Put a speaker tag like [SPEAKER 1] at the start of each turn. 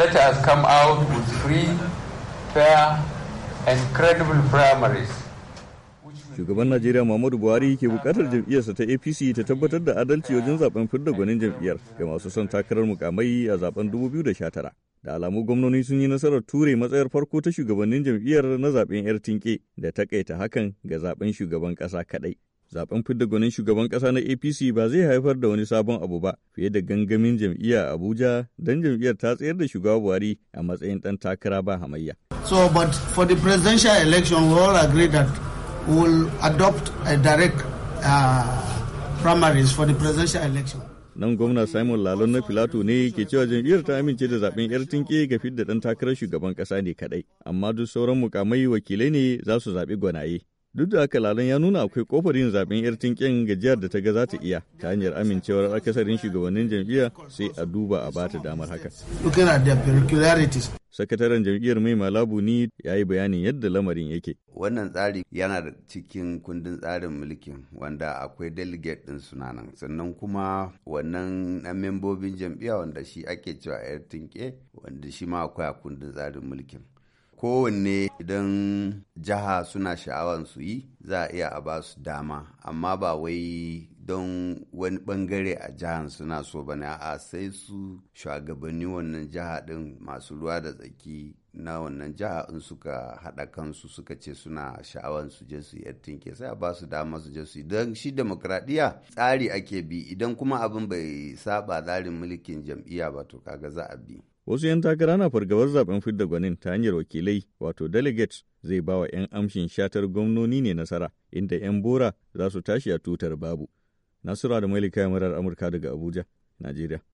[SPEAKER 1] let us come out with free, fair, and credible primaries.
[SPEAKER 2] shugaban najeriya muhammadu buhari ke bukatar jam'iyyarsa ta apc ta tabbatar da adalci wajen zaben fidda gwanin jam'iyyar ga masu son takarar mukamai a zaben 2019 da alamu gwamnoni sun yi nasarar ture matsayar farko ta shugabannin jam'iyyar na zaben yar tinke da takaita hakan ga zaben shugaban kasa kadai zaben fidda gwanin shugaban kasa na apc ba zai haifar da wani sabon abu ba fiye da gangamin jam'iyya abuja don jam'iyyar ta tsayar da shugaba buhari a matsayin dan takara ba hamayya
[SPEAKER 1] so but for the presidential election we all agree that we adopt a direct uh, primaries for the presidential election
[SPEAKER 2] nan gwamna simon lalon na filato ne ke cewa jam'iyyar ta amince da zaben yar tinke ga fidda dan takarar shugaban kasa ne kadai amma duk sauran mukamai wakilai ne za su zaɓi gwanaye Duk da haka lalan ya nuna akwai kofar yin zaben yar tinkin gajiyar jihar da ta ga za ta iya ta hanyar amincewar akasarin shugabannin jam'iyya sai a duba a bata damar haka. Sakataren jam'iyyar mai malabu ni ya yi bayanin yadda lamarin yake. Wannan
[SPEAKER 1] tsari yana da cikin kundin tsarin mulkin wanda akwai delegate din sunanan sannan kuma wannan na membobin jam'iyya wanda shi ake cewa yar tinke wanda shi ma akwai a kundin tsarin mulkin. kowanne idan jiha suna sha'awar su yi za a iya a ba su dama amma ba wai don wani bangare a jihar suna so bane a sai su shugabanni wannan jiha din masu ruwa da tsaki na wannan jiha in suka haɗa kansu suka ce suna sha'awar su je su yi tinke sai a ba su dama su je su yi don shi demokradiyya tsari ake bi idan kuma abin bai saba tsarin mulkin jam'iyya ba to kaga za a bi
[SPEAKER 2] wasu 'yan takara na fargabar zaben fidda gwanin ta hanyar wakilai wato delegates zai ba wa 'yan amshin shatar gwamnoni ne nasara inda 'yan bora za su tashi a tutar babu Nasura da Malika Yamurar Amurka daga Abuja, Najeriya.